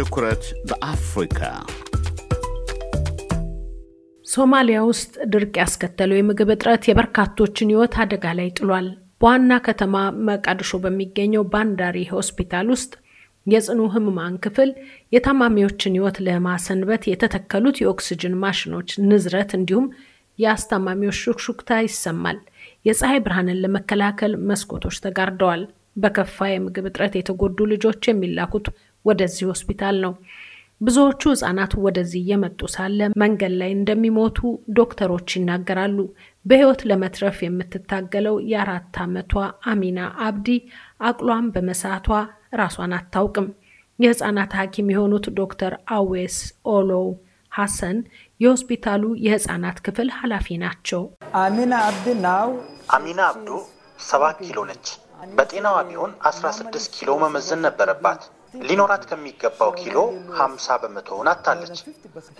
ትኩረት በአፍሪካ ሶማሊያ ውስጥ ድርቅ ያስከተለው የምግብ እጥረት የበርካቶችን ሕይወት አደጋ ላይ ጥሏል። በዋና ከተማ መቃድሾ በሚገኘው ባንዳሪ ሆስፒታል ውስጥ የጽኑ ህሙማን ክፍል የታማሚዎችን ሕይወት ለማሰንበት የተተከሉት የኦክስጅን ማሽኖች ንዝረት እንዲሁም የአስታማሚዎች ሹክሹክታ ይሰማል። የፀሐይ ብርሃንን ለመከላከል መስኮቶች ተጋርደዋል። በከፋ የምግብ እጥረት የተጎዱ ልጆች የሚላኩት ወደዚህ ሆስፒታል ነው። ብዙዎቹ ህጻናት ወደዚህ እየመጡ ሳለ መንገድ ላይ እንደሚሞቱ ዶክተሮች ይናገራሉ። በህይወት ለመትረፍ የምትታገለው የአራት ዓመቷ አሚና አብዲ አቅሏን በመሳቷ ራሷን አታውቅም። የህጻናት ሐኪም የሆኑት ዶክተር አዌስ ኦሎ ሐሰን የሆስፒታሉ የህጻናት ክፍል ኃላፊ ናቸው። አሚና አብዲ ናው አሚና አብዱ ሰባት ኪሎ ነች። በጤናዋ ቢሆን 16 ኪሎ መመዘን ነበረባት። ሊኖራት ከሚገባው ኪሎ 50 በመቶውን አታለች።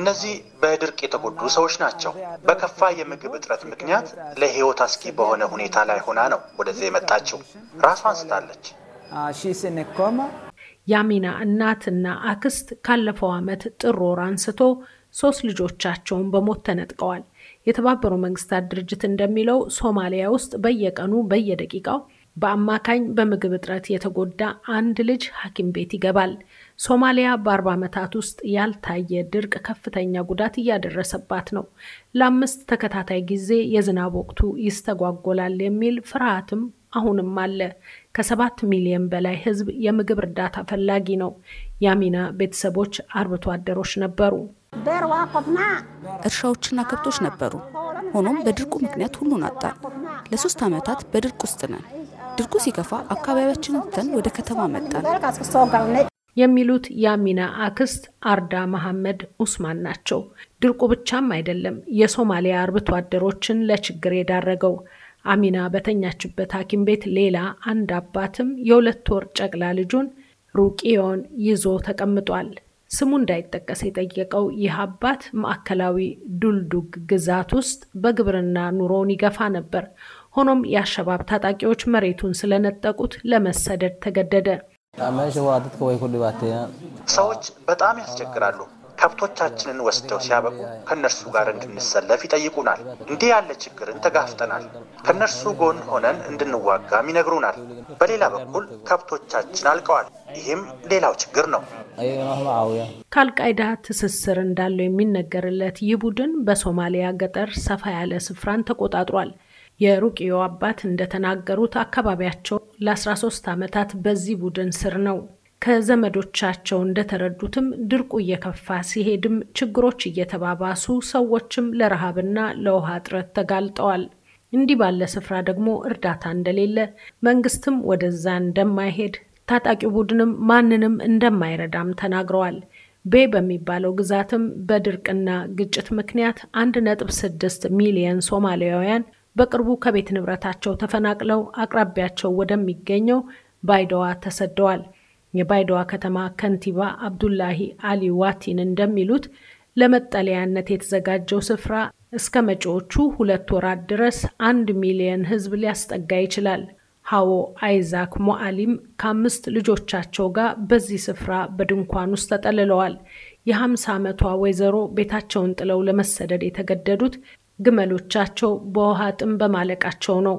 እነዚህ በድርቅ የተጎዱ ሰዎች ናቸው። በከፋ የምግብ እጥረት ምክንያት ለሕይወት አስጊ በሆነ ሁኔታ ላይ ሆና ነው ወደዚህ የመጣችው። ራሷን ስታለች። ያሚና እናትና አክስት ካለፈው ዓመት ጥር ወር አንስቶ ሶስት ልጆቻቸውን በሞት ተነጥቀዋል። የተባበሩ መንግስታት ድርጅት እንደሚለው ሶማሊያ ውስጥ በየቀኑ በየደቂቃው በአማካኝ በምግብ እጥረት የተጎዳ አንድ ልጅ ሐኪም ቤት ይገባል። ሶማሊያ በአርባ ዓመታት ውስጥ ያልታየ ድርቅ ከፍተኛ ጉዳት እያደረሰባት ነው። ለአምስት ተከታታይ ጊዜ የዝናብ ወቅቱ ይስተጓጎላል የሚል ፍርሃትም አሁንም አለ። ከሰባት ሚሊዮን በላይ ሕዝብ የምግብ እርዳታ ፈላጊ ነው። የአሚና ቤተሰቦች አርብቶ አደሮች ነበሩ። እርሻዎችና ከብቶች ነበሩ። ሆኖም በድርቁ ምክንያት ሁሉን አጣን። ለሶስት ዓመታት በድርቅ ውስጥ ነን። ድርቁ ሲገፋ አካባቢያችንን ትተን ወደ ከተማ መጣን የሚሉት የአሚና አክስት አርዳ መሐመድ ኡስማን ናቸው። ድርቁ ብቻም አይደለም የሶማሊያ አርብቶ አደሮችን ለችግር የዳረገው። አሚና በተኛችበት ሐኪም ቤት ሌላ አንድ አባትም የሁለት ወር ጨቅላ ልጁን ሩቂዮን ይዞ ተቀምጧል። ስሙ እንዳይጠቀስ የጠየቀው ይህ አባት ማዕከላዊ ዱልዱግ ግዛት ውስጥ በግብርና ኑሮውን ይገፋ ነበር። ሆኖም የአሸባብ ታጣቂዎች መሬቱን ስለነጠቁት ለመሰደድ ተገደደ። ሰዎች በጣም ያስቸግራሉ። ከብቶቻችንን ወስደው ሲያበቁ ከእነርሱ ጋር እንድንሰለፍ ይጠይቁናል። እንዲህ ያለ ችግርን ተጋፍጠናል። ከእነርሱ ጎን ሆነን እንድንዋጋም ይነግሩናል። በሌላ በኩል ከብቶቻችን አልቀዋል። ይህም ሌላው ችግር ነው። ከአልቃይዳ ትስስር እንዳለው የሚነገርለት ይህ ቡድን በሶማሊያ ገጠር ሰፋ ያለ ስፍራን ተቆጣጥሯል። የሩቅዮ አባት እንደተናገሩት አካባቢያቸው ለ13 ዓመታት በዚህ ቡድን ስር ነው። ከዘመዶቻቸው እንደተረዱትም ድርቁ እየከፋ ሲሄድም ችግሮች እየተባባሱ ሰዎችም ለረሃብና ለውሃ እጥረት ተጋልጠዋል። እንዲህ ባለ ስፍራ ደግሞ እርዳታ እንደሌለ መንግስትም ወደዛ እንደማይሄድ ታጣቂው ቡድንም ማንንም እንደማይረዳም ተናግረዋል። ቤ በሚባለው ግዛትም በድርቅና ግጭት ምክንያት አንድ ነጥብ ስድስት ሚሊየን ሶማሊያውያን በቅርቡ ከቤት ንብረታቸው ተፈናቅለው አቅራቢያቸው ወደሚገኘው ባይደዋ ተሰደዋል። የባይደዋ ከተማ ከንቲባ አብዱላሂ አሊ ዋቲን እንደሚሉት ለመጠለያነት የተዘጋጀው ስፍራ እስከ መጪዎቹ ሁለት ወራት ድረስ አንድ ሚሊየን ሕዝብ ሊያስጠጋ ይችላል። ሀዎ አይዛክ ሞአሊም ከአምስት ልጆቻቸው ጋር በዚህ ስፍራ በድንኳን ውስጥ ተጠልለዋል። የሀምሳ ዓመቷ ወይዘሮ ቤታቸውን ጥለው ለመሰደድ የተገደዱት ግመሎቻቸው በውሃ ጥም በማለቃቸው ነው።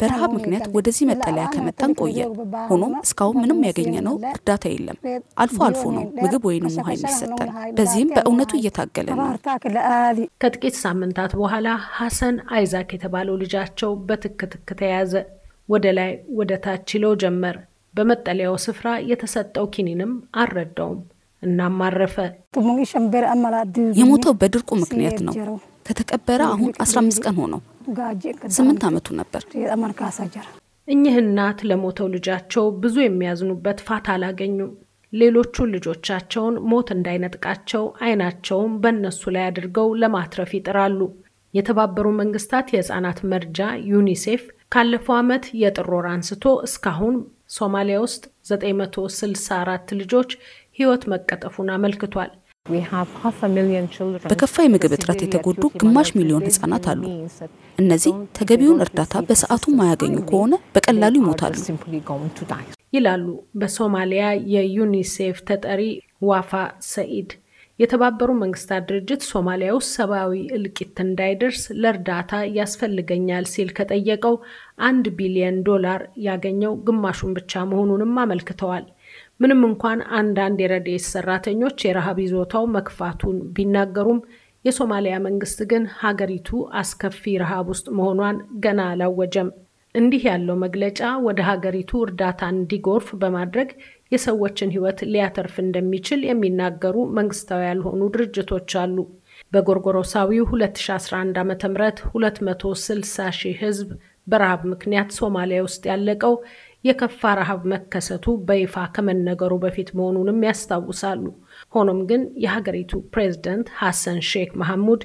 በረሃብ ምክንያት ወደዚህ መጠለያ ከመጣን ቆየ። ሆኖም እስካሁን ምንም ያገኘነው እርዳታ የለም። አልፎ አልፎ ነው ምግብ ወይንም ውሃ የሚሰጠን። በዚህም በእውነቱ እየታገለ ነው። ከጥቂት ሳምንታት በኋላ ሐሰን አይዛክ የተባለው ልጃቸው በትክትክ ተያዘ። ወደ ላይ ወደ ታች ይለው ጀመር። በመጠለያው ስፍራ የተሰጠው ኪኒንም አልረዳውም። እናም አረፈ። የሞተው በድርቁ ምክንያት ነው። ከተቀበረ አሁን 15 ቀን ሆነው ስምንት ዓመቱ ነበር። እኚህ እናት ለሞተው ልጃቸው ብዙ የሚያዝኑበት ፋታ አላገኙም። ሌሎቹ ልጆቻቸውን ሞት እንዳይነጥቃቸው አይናቸውን በእነሱ ላይ አድርገው ለማትረፍ ይጥራሉ። የተባበሩ መንግስታት የህፃናት መርጃ ዩኒሴፍ ካለፈው ዓመት የጥር ወር አንስቶ እስካሁን ሶማሊያ ውስጥ 964 ልጆች ሕይወት መቀጠፉን አመልክቷል። በከፋ የምግብ እጥረት የተጎዱ ግማሽ ሚሊዮን ህጻናት አሉ። እነዚህ ተገቢውን እርዳታ በሰዓቱ ማያገኙ ከሆነ በቀላሉ ይሞታሉ ይላሉ በሶማሊያ የዩኒሴፍ ተጠሪ ዋፋ ሰኢድ። የተባበሩ መንግስታት ድርጅት ሶማሊያ ውስጥ ሰብአዊ እልቂት እንዳይደርስ ለእርዳታ ያስፈልገኛል ሲል ከጠየቀው አንድ ቢሊየን ዶላር ያገኘው ግማሹን ብቻ መሆኑንም አመልክተዋል። ምንም እንኳን አንዳንድ የረድኤት ሰራተኞች የረሃብ ይዞታው መክፋቱን ቢናገሩም የሶማሊያ መንግስት ግን ሀገሪቱ አስከፊ ረሃብ ውስጥ መሆኗን ገና አላወጀም። እንዲህ ያለው መግለጫ ወደ ሀገሪቱ እርዳታ እንዲጎርፍ በማድረግ የሰዎችን ሕይወት ሊያተርፍ እንደሚችል የሚናገሩ መንግስታዊ ያልሆኑ ድርጅቶች አሉ። በጎርጎሮሳዊው 2011 ዓ ም 260 ሺህ ህዝብ በረሃብ ምክንያት ሶማሊያ ውስጥ ያለቀው የከፋ ረሃብ መከሰቱ በይፋ ከመነገሩ በፊት መሆኑንም ያስታውሳሉ። ሆኖም ግን የሀገሪቱ ፕሬዝደንት ሐሰን ሼክ መሐሙድ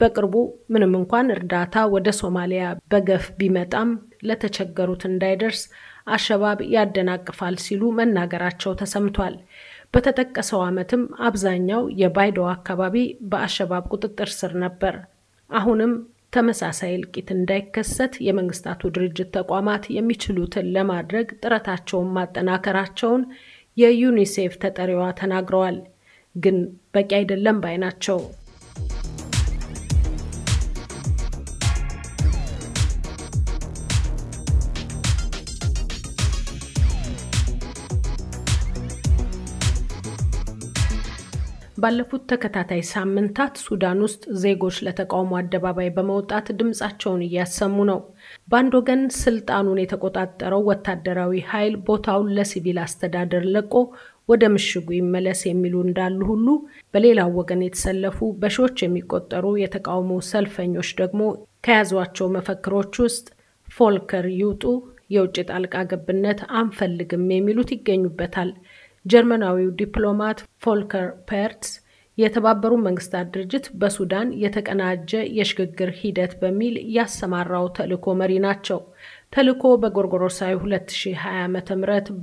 በቅርቡ ምንም እንኳን እርዳታ ወደ ሶማሊያ በገፍ ቢመጣም ለተቸገሩት እንዳይደርስ አሸባብ ያደናቅፋል ሲሉ መናገራቸው ተሰምቷል። በተጠቀሰው ዓመትም አብዛኛው የባይዶ አካባቢ በአሸባብ ቁጥጥር ስር ነበር። አሁንም ተመሳሳይ እልቂት እንዳይከሰት የመንግስታቱ ድርጅት ተቋማት የሚችሉትን ለማድረግ ጥረታቸውን ማጠናከራቸውን የዩኒሴፍ ተጠሪዋ ተናግረዋል። ግን በቂ አይደለም ባይ ናቸው። ባለፉት ተከታታይ ሳምንታት ሱዳን ውስጥ ዜጎች ለተቃውሞ አደባባይ በመውጣት ድምፃቸውን እያሰሙ ነው። በአንድ ወገን ስልጣኑን የተቆጣጠረው ወታደራዊ ኃይል ቦታውን ለሲቪል አስተዳደር ለቆ ወደ ምሽጉ ይመለስ የሚሉ እንዳሉ ሁሉ በሌላው ወገን የተሰለፉ በሺዎች የሚቆጠሩ የተቃውሞ ሰልፈኞች ደግሞ ከያዟቸው መፈክሮች ውስጥ ፎልከር ይውጡ፣ የውጭ ጣልቃ ገብነት አንፈልግም የሚሉት ይገኙበታል። ጀርመናዊው ዲፕሎማት ፎልከር ፐርትስ የተባበሩ መንግስታት ድርጅት በሱዳን የተቀናጀ የሽግግር ሂደት በሚል ያሰማራው ተልእኮ መሪ ናቸው። ተልእኮ በጎርጎሮሳዊ 2020 ዓ ም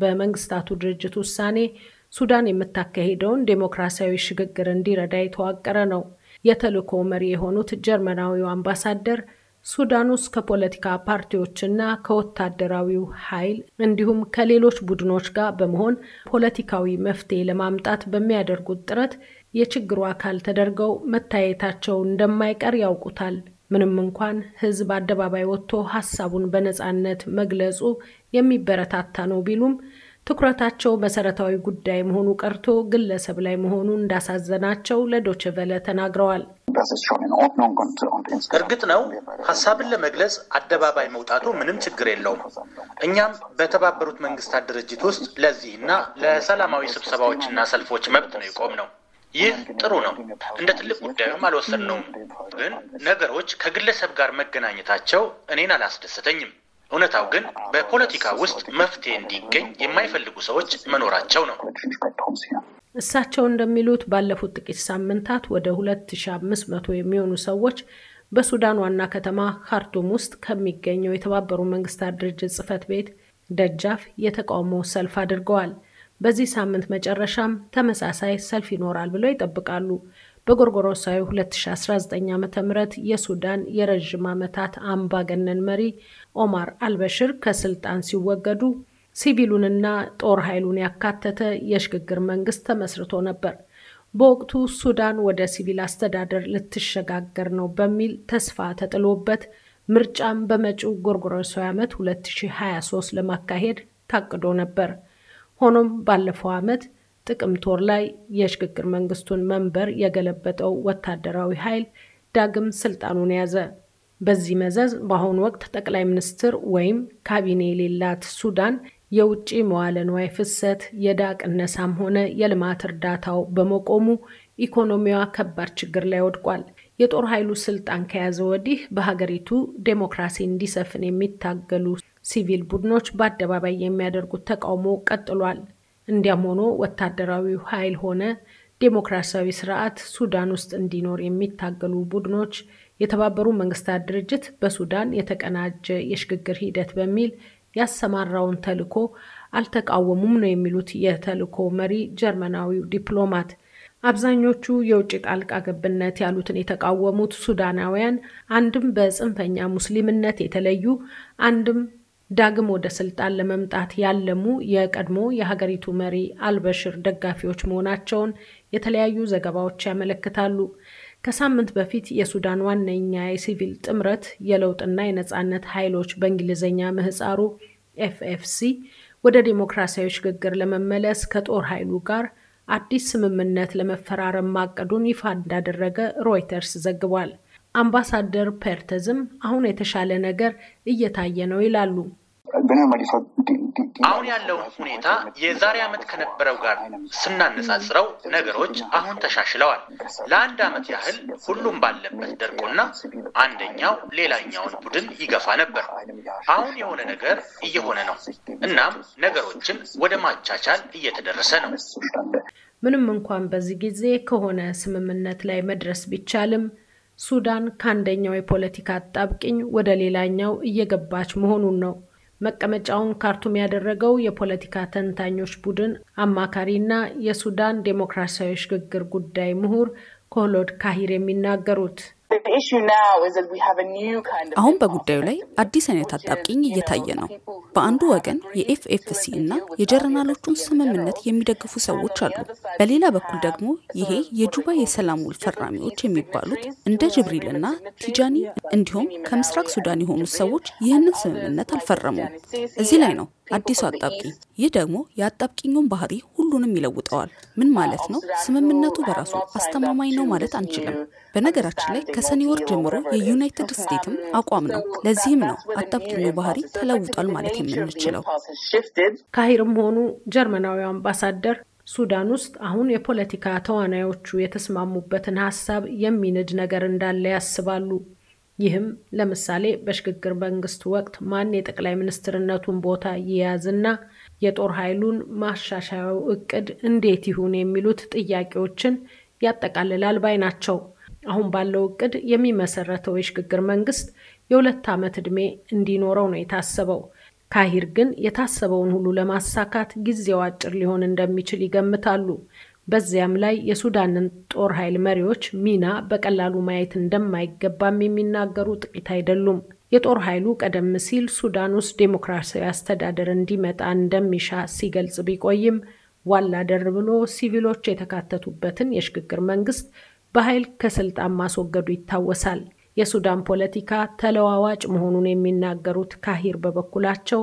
በመንግስታቱ ድርጅት ውሳኔ ሱዳን የምታካሄደውን ዴሞክራሲያዊ ሽግግር እንዲረዳ የተዋቀረ ነው። የተልእኮ መሪ የሆኑት ጀርመናዊው አምባሳደር ሱዳን ውስጥ ከፖለቲካ ፓርቲዎችና ከወታደራዊው ኃይል እንዲሁም ከሌሎች ቡድኖች ጋር በመሆን ፖለቲካዊ መፍትሄ ለማምጣት በሚያደርጉት ጥረት የችግሩ አካል ተደርገው መታየታቸው እንደማይቀር ያውቁታል። ምንም እንኳን ሕዝብ አደባባይ ወጥቶ ሀሳቡን በነጻነት መግለጹ የሚበረታታ ነው ቢሉም ትኩረታቸው መሰረታዊ ጉዳይ መሆኑ ቀርቶ ግለሰብ ላይ መሆኑ እንዳሳዘናቸው ለዶችቨለ ተናግረዋል። እርግጥ ነው ሀሳብን ለመግለጽ አደባባይ መውጣቱ ምንም ችግር የለውም። እኛም በተባበሩት መንግስታት ድርጅት ውስጥ ለዚህና ለሰላማዊ ስብሰባዎችና ሰልፎች መብት ነው ነው። ይህ ጥሩ ነው። እንደ ትልቅ ጉዳዩም አልወሰድነውም። ግን ነገሮች ከግለሰብ ጋር መገናኘታቸው እኔን አላስደሰተኝም። እውነታው ግን በፖለቲካ ውስጥ መፍትሄ እንዲገኝ የማይፈልጉ ሰዎች መኖራቸው ነው። እሳቸው እንደሚሉት ባለፉት ጥቂት ሳምንታት ወደ 2500 የሚሆኑ ሰዎች በሱዳን ዋና ከተማ ካርቱም ውስጥ ከሚገኘው የተባበሩ መንግስታት ድርጅት ጽህፈት ቤት ደጃፍ የተቃውሞ ሰልፍ አድርገዋል። በዚህ ሳምንት መጨረሻም ተመሳሳይ ሰልፍ ይኖራል ብለው ይጠብቃሉ። በጎርጎሮሳዊ 2019 ዓ ም የሱዳን የረዥም ዓመታት አምባገነን መሪ ኦማር አልበሽር ከስልጣን ሲወገዱ ሲቪሉንና ጦር ኃይሉን ያካተተ የሽግግር መንግስት ተመስርቶ ነበር። በወቅቱ ሱዳን ወደ ሲቪል አስተዳደር ልትሸጋገር ነው በሚል ተስፋ ተጥሎበት ምርጫም በመጪው ጎርጎሮሳዊ ዓመት 2023 ለማካሄድ ታቅዶ ነበር። ሆኖም ባለፈው ዓመት ጥቅምት ወር ላይ የሽግግር መንግስቱን መንበር የገለበጠው ወታደራዊ ኃይል ዳግም ስልጣኑን ያዘ። በዚህ መዘዝ በአሁኑ ወቅት ጠቅላይ ሚኒስትር ወይም ካቢኔ የሌላት ሱዳን የውጭ መዋለ ንዋይ ፍሰት የዕዳ ቅነሳም ሆነ የልማት እርዳታው በመቆሙ ኢኮኖሚዋ ከባድ ችግር ላይ ወድቋል። የጦር ኃይሉ ስልጣን ከያዘ ወዲህ በሀገሪቱ ዴሞክራሲ እንዲሰፍን የሚታገሉ ሲቪል ቡድኖች በአደባባይ የሚያደርጉት ተቃውሞ ቀጥሏል። እንዲያም ሆኖ ወታደራዊ ኃይል ሆነ ዴሞክራሲያዊ ስርዓት ሱዳን ውስጥ እንዲኖር የሚታገሉ ቡድኖች የተባበሩ መንግስታት ድርጅት በሱዳን የተቀናጀ የሽግግር ሂደት በሚል ያሰማራውን ተልዕኮ አልተቃወሙም ነው የሚሉት የተልዕኮ መሪ ጀርመናዊው ዲፕሎማት። አብዛኞቹ የውጭ ጣልቃ ገብነት ያሉትን የተቃወሙት ሱዳናውያን አንድም በጽንፈኛ ሙስሊምነት የተለዩ አንድም ዳግም ወደ ስልጣን ለመምጣት ያለሙ የቀድሞ የሀገሪቱ መሪ አልበሽር ደጋፊዎች መሆናቸውን የተለያዩ ዘገባዎች ያመለክታሉ። ከሳምንት በፊት የሱዳን ዋነኛ የሲቪል ጥምረት የለውጥና የነፃነት ኃይሎች በእንግሊዝኛ ምህፃሩ ኤፍኤፍሲ ወደ ዴሞክራሲያዊ ሽግግር ለመመለስ ከጦር ኃይሉ ጋር አዲስ ስምምነት ለመፈራረም ማቀዱን ይፋ እንዳደረገ ሮይተርስ ዘግቧል። አምባሳደር ፐርተዝም አሁን የተሻለ ነገር እየታየ ነው ይላሉ። አሁን ያለውን ሁኔታ የዛሬ ዓመት ከነበረው ጋር ስናነጻጽረው ነገሮች አሁን ተሻሽለዋል። ለአንድ ዓመት ያህል ሁሉም ባለበት ደርቆና አንደኛው ሌላኛውን ቡድን ይገፋ ነበር። አሁን የሆነ ነገር እየሆነ ነው። እናም ነገሮችን ወደ ማቻቻል እየተደረሰ ነው። ምንም እንኳን በዚህ ጊዜ ከሆነ ስምምነት ላይ መድረስ ቢቻልም ሱዳን ከአንደኛው የፖለቲካ ጣብቅኝ ወደ ሌላኛው እየገባች መሆኑን ነው መቀመጫውን ካርቱም ያደረገው የፖለቲካ ተንታኞች ቡድን አማካሪና የሱዳን ዴሞክራሲያዊ ሽግግር ጉዳይ ምሁር ኮሎድ ካሂር የሚናገሩት አሁን በጉዳዩ ላይ አዲስ አይነት አጣብቂኝ እየታየ ነው። በአንዱ ወገን የኤፍኤፍሲ እና የጀርናሎቹን ስምምነት የሚደግፉ ሰዎች አሉ። በሌላ በኩል uh, ደግሞ ይሄ የጁባ የሰላም ውል ፈራሚዎች የሚባሉት እንደ ጅብሪል እና ቲጃኒ እንዲሁም ከምስራቅ ሱዳን የሆኑት ሰዎች ይህንን ስምምነት አልፈረሙም። እዚህ ላይ ነው uh, አዲሱ አጣብቂኝ። ይህ ደግሞ የአጣብቂኙን ባህሪ ሁሉንም ይለውጠዋል። ምን ማለት ነው? ስምምነቱ በራሱ አስተማማኝ ነው ማለት አንችልም። በነገራችን ላይ ከሰኔ ወር ጀምሮ የዩናይትድ ስቴትም አቋም ነው። ለዚህም ነው አጣብቂኙ ባህሪ ተለውጧል ማለት የምንችለው። ካሂርም ሆኑ ጀርመናዊ አምባሳደር ሱዳን ውስጥ አሁን የፖለቲካ ተዋናዮቹ የተስማሙበትን ሀሳብ የሚንድ ነገር እንዳለ ያስባሉ። ይህም ለምሳሌ በሽግግር መንግስት ወቅት ማን የጠቅላይ ሚኒስትርነቱን ቦታ ይያዝና የጦር ኃይሉን ማሻሻያው እቅድ እንዴት ይሁን የሚሉት ጥያቄዎችን ያጠቃልላል ባይ ናቸው። አሁን ባለው እቅድ የሚመሰረተው የሽግግር መንግስት የሁለት ዓመት ዕድሜ እንዲኖረው ነው የታሰበው። ካሂር ግን የታሰበውን ሁሉ ለማሳካት ጊዜው አጭር ሊሆን እንደሚችል ይገምታሉ። በዚያም ላይ የሱዳንን ጦር ኃይል መሪዎች ሚና በቀላሉ ማየት እንደማይገባም የሚናገሩ ጥቂት አይደሉም። የጦር ኃይሉ ቀደም ሲል ሱዳን ውስጥ ዴሞክራሲያዊ አስተዳደር እንዲመጣ እንደሚሻ ሲገልጽ ቢቆይም ዋላ ደር ብሎ ሲቪሎች የተካተቱበትን የሽግግር መንግስት በኃይል ከስልጣን ማስወገዱ ይታወሳል። የሱዳን ፖለቲካ ተለዋዋጭ መሆኑን የሚናገሩት ካሂር በበኩላቸው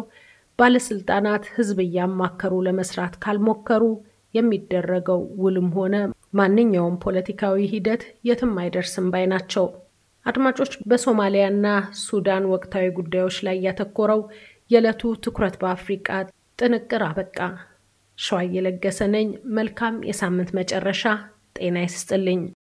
ባለስልጣናት ህዝብ እያማከሩ ለመስራት ካልሞከሩ የሚደረገው ውልም ሆነ ማንኛውም ፖለቲካዊ ሂደት የትም አይደርስም ባይ ናቸው። አድማጮች በሶማሊያና ሱዳን ወቅታዊ ጉዳዮች ላይ ያተኮረው የዕለቱ ትኩረት በአፍሪቃ ጥንቅር አበቃ። ሸዋዬ ለገሰ ነኝ። መልካም የሳምንት መጨረሻ። ጤና ይስጥልኝ።